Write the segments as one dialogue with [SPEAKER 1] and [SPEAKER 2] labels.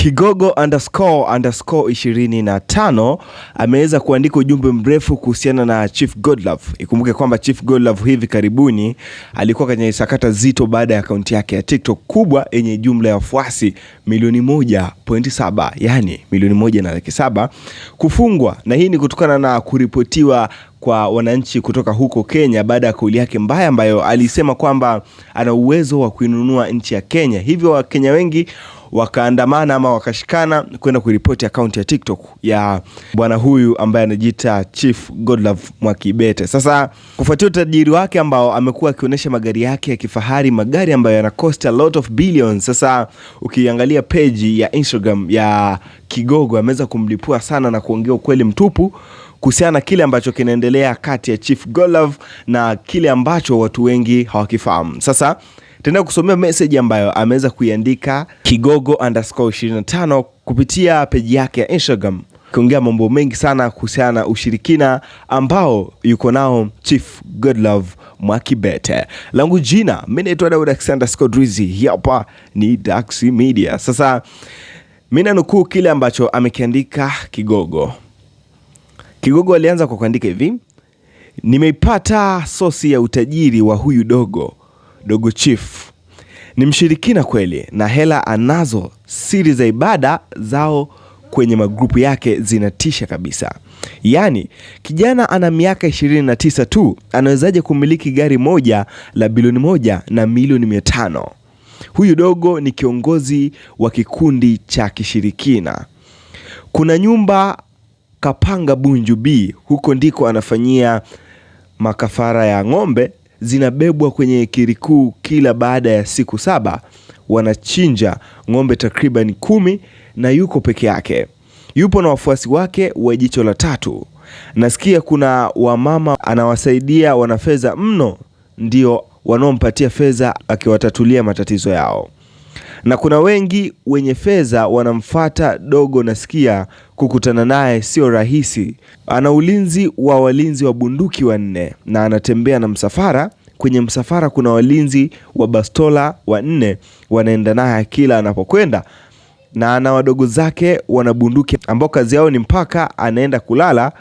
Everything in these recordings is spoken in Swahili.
[SPEAKER 1] Kigogo underscore underscore ishirini na tano ameweza kuandika ujumbe mrefu kuhusiana na Chief Godlove. Ikumbuke kwamba Chief Godlove hivi karibuni alikuwa kwenye sakata zito baada ya akaunti yake ya TikTok kubwa yenye jumla ya wafuasi milioni moja pointi saba yani milioni moja na laki saba kufungwa, na hii ni kutokana na kuripotiwa kwa wananchi kutoka huko Kenya baada ya kauli yake mbaya ambayo alisema kwamba ana uwezo wa kuinunua nchi ya Kenya, hivyo Wakenya wengi wakaandamana ama wakashikana kwenda kuripoti akaunti ya TikTok ya bwana huyu ambaye anajiita Chief Godlove Mwakibete. Sasa kufuatia utajiri wake ambao amekuwa akionyesha magari yake ya kifahari, magari ambayo yana cost a lot of billions. Sasa ukiangalia peji ya Instagram ya Kigogo ameweza kumlipua sana na kuongea ukweli mtupu kuhusiana na kile ambacho kinaendelea kati ya Chief Godlove na kile ambacho watu wengi hawakifahamu. Sasa tena kusomea message ambayo ameweza kuiandika Kigogo underscore 25 kupitia peji yake ya Instagram kiongea mambo mengi sana kuhusiana na ushirikina ambao yuko nao Chief Godlove Mwakibete. Langu jina mimi naitwa Daud Alexander Skodrizi, hapa ni Dax Media. Sasa mimi nanukuu kile ambacho amekiandika Kigogo. Kigogo alianza kwa kuandika hivi: nimeipata sosi ya utajiri wa huyu dogo Dogo Chief ni mshirikina kweli, na hela anazo. Siri za ibada zao kwenye magrupu yake zinatisha kabisa. Yaani, kijana ana miaka 29 tu, anawezaje kumiliki gari moja la bilioni moja na milioni mia tano? Huyu dogo ni kiongozi wa kikundi cha kishirikina. Kuna nyumba kapanga Bunju B, huko ndiko anafanyia makafara ya ng'ombe zinabebwa kwenye kirikuu kila baada ya siku saba. Wanachinja ng'ombe takriban kumi na yuko peke yake, yupo na wafuasi wake wa jicho la tatu. Nasikia kuna wamama anawasaidia wanafedha mno, ndio wanaompatia fedha akiwatatulia matatizo yao, na kuna wengi wenye fedha wanamfata dogo. Nasikia kukutana naye sio rahisi. Ana ulinzi wa walinzi wa bunduki wanne na anatembea na msafara kwenye msafara kuna walinzi wa bastola wanne wanaenda naye kila anapokwenda, na ana wadogo zake wanabunduki ambao kazi yao ni mpaka anaenda kulala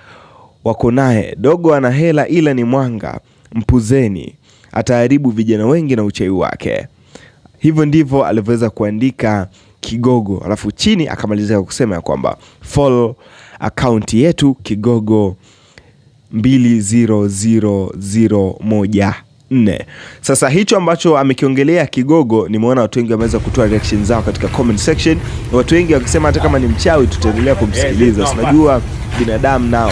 [SPEAKER 1] wako naye. Dogo ana hela ila ni mwanga, mpuzeni, ataharibu vijana wengi na uchawi wake. Hivyo ndivyo alivyoweza kuandika Kigogo, alafu chini akamalizia kwa kusema ya kwamba follow akaunti yetu Kigogo 2001 nne. Sasa hicho ambacho amekiongelea Kigogo, nimeona watu wengi wameweza kutoa reaction zao katika comment section, watu wengi wakisema hata kama ni mchawi tutaendelea kumsikiliza. Eh, Sinajua binadamu nao.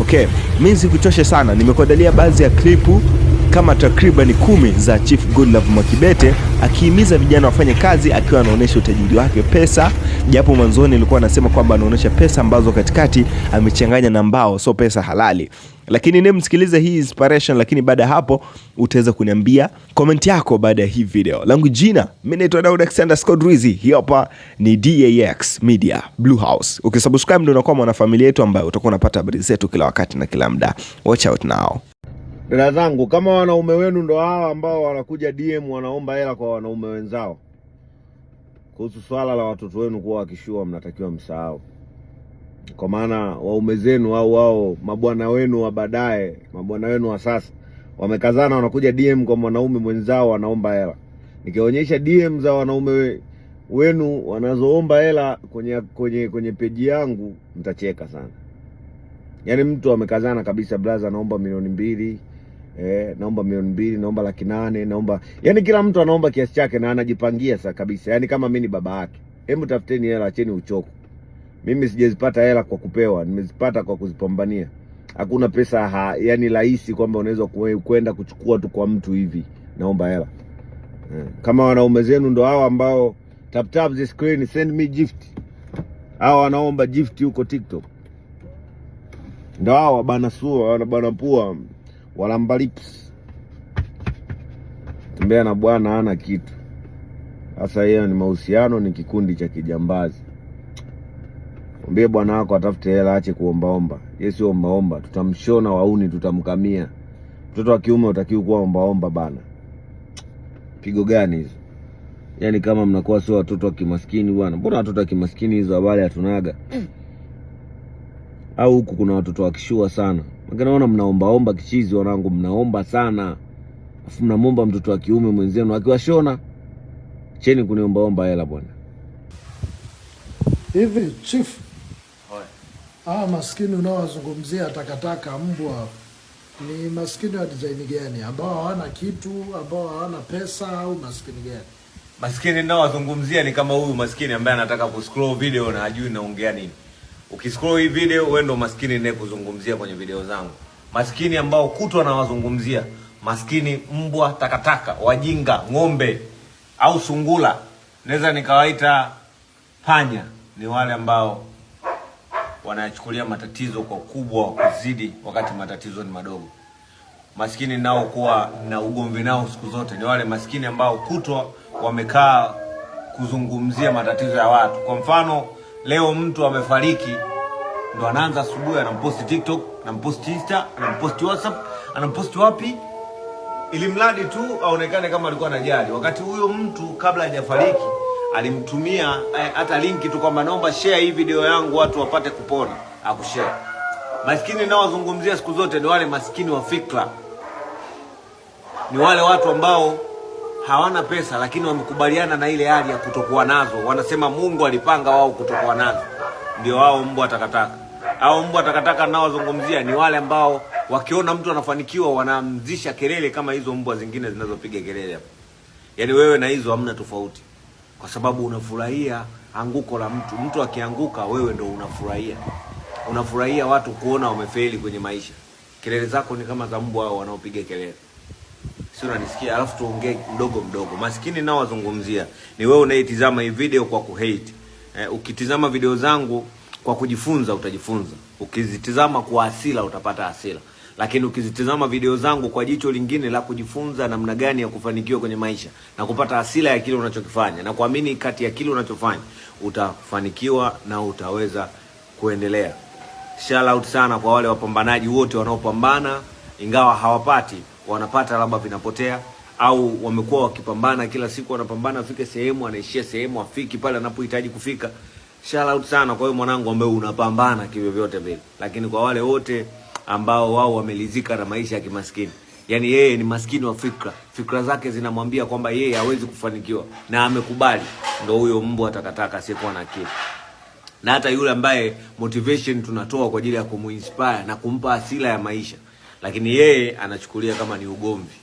[SPEAKER 1] Okay, mimi sikuchoshe sana, nimekuandalia baadhi ya klipu kama takribani kumi za Chief Godlove Mwakibete akihimiza vijana wafanye kazi, akiwa anaonyesha utajiri wake pesa, japo mwanzoni alikuwa anasema kwamba anaonyesha pesa ambazo katikati amechanganya na mbao, so pesa halali lakini ni msikilize hii inspiration, lakini baada ya hapo utaweza kuniambia comment yako baada ya hii video. Langu jina mimi naitwa Daud Alexander Scott Rizzi, hii hapa ni DAX Media Blue House. Ukisubscribe ndio unakuwa mwanafamilia yetu ambayo utakuwa unapata habari zetu kila wakati na kila muda. Watch out now.
[SPEAKER 2] Dada zangu, kama wanaume wenu ndo hawa ambao wanakuja DM wanaomba hela kwa wanaume wenzao, kuhusu swala la watoto wenu kuwa wakishua, mnatakiwa msahau, kwa maana waume zenu au wao mabwana wenu wa baadaye, mabwana wenu wa sasa wamekazana, wanakuja DM kwa mwanaume mwenzao wanaomba hela. Nikionyesha DM za wanaume wenu wanazoomba hela kwenye, kwenye, kwenye peji yangu mtacheka sana. Yaani mtu amekazana kabisa, blaza, naomba milioni mbili eh, naomba milioni mbili, naomba laki nane, naomba yani, kila mtu anaomba kiasi chake na anajipangia saa kabisa. Yani kama mimi ni baba yake, hebu tafuteni hela, acheni uchoko. Mimi sijazipata hela kwa kupewa, nimezipata kwa kuzipambania. Hakuna pesa ha, yani rahisi kwamba unaweza kwenda kuchukua tu kwa mtu hivi, naomba hela eh. Kama wanaume zenu ndo hao ambao tap tap the screen send me gift, hao wanaomba gift huko TikTok ndo hao bana sua bana pua wala mbaliki. Tembea na bwana hana kitu. Sasa hiyo ni mahusiano, ni kikundi cha kijambazi. Mwambie bwana wako atafute hela, ache kuombaomba. Yeye sio ombaomba, tutamshona wauni, tutamkamia. Mtoto wa kiume utakiwa kuwa ombaomba bana. Pigo gani hizo? Yaani kama mnakuwa sio watoto wa kimaskini bwana, mbona watoto wa kimaskini hizo habari hatunaga? Au huku kuna watoto wakishua sana. Naona mnaombaomba kichizi, wanangu, mnaomba sana, afu mnamwomba mtoto wa kiume mwenzenu akiwashona. Cheni kuniombaomba hela bwana.
[SPEAKER 3] Hivi chief, hawa maskini unaowazungumzia takataka, mbwa, ni maskini wa dizaini gani? Ambao hawana kitu, ambao hawana pesa, au maskini gani?
[SPEAKER 4] Maskini ninaowazungumzia ni kama huyu maskini ambaye anataka kuscroll video na hajui naongea nini. Ukiscroll hii video, wewe ndo maskini kuzungumzia kwenye video zangu, maskini ambao kutwa nawazungumzia, maskini mbwa takataka, wajinga, ng'ombe au sungula, naweza nikawaita panya. Ni wale ambao wanachukulia matatizo kwa kubwa kuzidi, wakati matatizo ni madogo. Maskini nao kuwa na ugomvi nao siku zote ni wale maskini ambao kutwa wamekaa kuzungumzia matatizo ya watu, kwa mfano Leo mtu amefariki ndo anaanza asubuhi, anamposti TikTok, anamposti Insta, anamposti WhatsApp, anamposti wapi, ili mradi tu aonekane kama alikuwa anajali, wakati huyo mtu kabla hajafariki alimtumia eh, hata eh, linki tu kwamba naomba share hii video yangu watu wapate kupona, akushare. Maskini naowazungumzia siku zote ni wale maskini wa fikra, ni wale watu ambao hawana pesa, lakini wamekubaliana na ile hali ya kutokuwa nazo. Wanasema Mungu alipanga wao kutokuwa nazo, ndio wao mbwa takataka. au mbwa takataka ninaowazungumzia ni wale ambao wakiona mtu anafanikiwa wanaamzisha kelele kama hizo mbwa zingine zinazopiga kelele hapo. Yaani wewe na hizo hamna tofauti, kwa sababu unafurahia anguko la mtu. Mtu akianguka, wewe ndo unafurahia, unafurahia watu kuona wamefeli kwenye maisha. Kelele zako ni kama za mbwa hao wanaopiga kelele si unanisikia? Alafu tuongee mdogo mdogo. Maskini nao wazungumzia ni wewe unayetizama hii video kwa kuhate. Eh, ukitizama video zangu kwa kujifunza utajifunza, ukizitizama kwa asila utapata asila lakini ukizitizama video zangu kwa jicho lingine la kujifunza namna gani ya kufanikiwa kwenye maisha na kupata asila ya kile unachokifanya na kuamini kati ya kile unachofanya utafanikiwa na utaweza kuendelea. Shout out sana kwa wale wapambanaji wote wanaopambana ingawa hawapati wanapata labda vinapotea, au wamekuwa wakipambana kila siku, wanapambana afike sehemu, anaishia sehemu, afiki pale anapohitaji kufika. Shout out sana kwa hiyo mwanangu ambaye unapambana kivyovyote vile. Lakini kwa wale wote ambao wao wamelizika na maisha ya kimaskini, yani yeye ni maskini wa fikra, fikra zake zinamwambia kwamba yeye hawezi kufanikiwa na amekubali, ndio huyo mbwa takataka asiyekuwa na akili na hata yule ambaye motivation tunatoa kwa ajili ya kumuinspire na kumpa asila ya maisha lakini yeye anachukulia kama ni ugomvi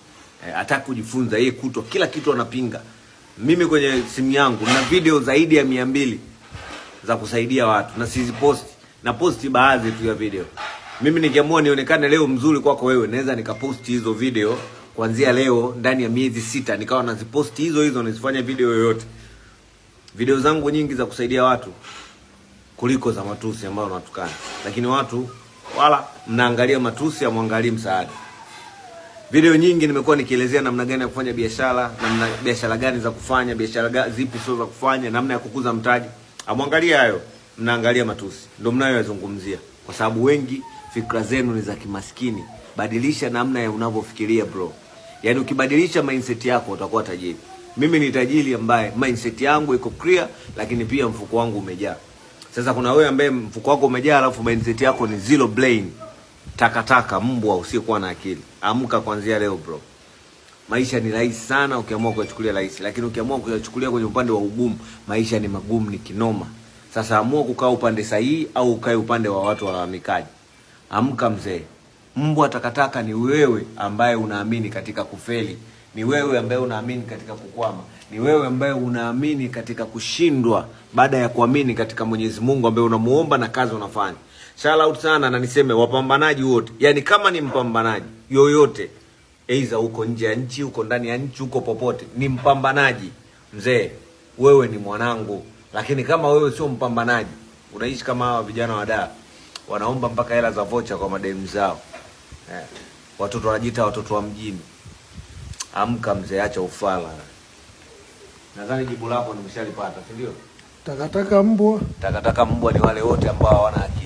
[SPEAKER 4] e, kujifunza yeye, kutwa kila kitu anapinga. Mimi kwenye simu yangu na video zaidi ya mia mbili za kusaidia watu na siziposti, na posti baadhi tu ya video. Mimi nikiamua nionekane leo mzuri kwako wewe, naweza nikaposti hizo video kuanzia leo ndani ya miezi sita, nikawa naziposti hizo hizo, nazifanya video yoyote. Video zangu nyingi za kusaidia watu kuliko za matusi ambayo natukana, lakini watu wala mnaangalia matusi, amwangalii msaada. Video nyingi nimekuwa nikielezea namna gani ya kufanya biashara, namna biashara gani za kufanya, biashara zipi sio za kufanya, namna ya kukuza mtaji. Amwangalia hayo, mnaangalia matusi, ndio mnayoyazungumzia, kwa sababu wengi fikra zenu ni za kimaskini. Badilisha namna ya unavyofikiria bro. Yaani ukibadilisha mindset yako utakuwa tajiri. Mimi ni tajiri ambaye mindset yangu iko clear, lakini pia mfuko wangu umejaa. Sasa kuna wewe ambaye mfuko wako umejaa, alafu mindset yako ni zero brain, takataka, mbwa usiokuwa na akili. Amka kwanzia leo bro. Maisha ni rahisi sana ukiamua kuyachukulia rahisi, lakini ukiamua kuyachukulia kwenye upande wa ugumu, maisha ni magumu, ni kinoma. Sasa amua kukaa upande sahihi au ukae upande wa watu walalamikaji. Amka mzee. Mbwa takataka ni wewe ambaye unaamini katika kufeli ni wewe ambaye unaamini katika kukwama, ni wewe ambaye unaamini katika kushindwa baada ya kuamini katika Mwenyezi Mungu ambaye unamuomba na kazi unafanya. Shout out sana, na niseme wapambanaji wote, yaani kama ni mpambanaji yoyote, aidha uko nje ya nchi, uko ndani ya nchi, uko popote, ni mpambanaji mzee, wewe ni mwanangu. Lakini kama wewe sio mpambanaji, unaishi kama hawa vijana wa wanaomba mpaka hela za vocha kwa mademu zao eh, watoto wanajiita watoto wa mjini. Amka mzee, acha ufala. Nadhani jibu lako nimeshalipata, si ndio?
[SPEAKER 3] Takataka mbwa,
[SPEAKER 4] takataka mbwa ni wale wote ambao hawana akili.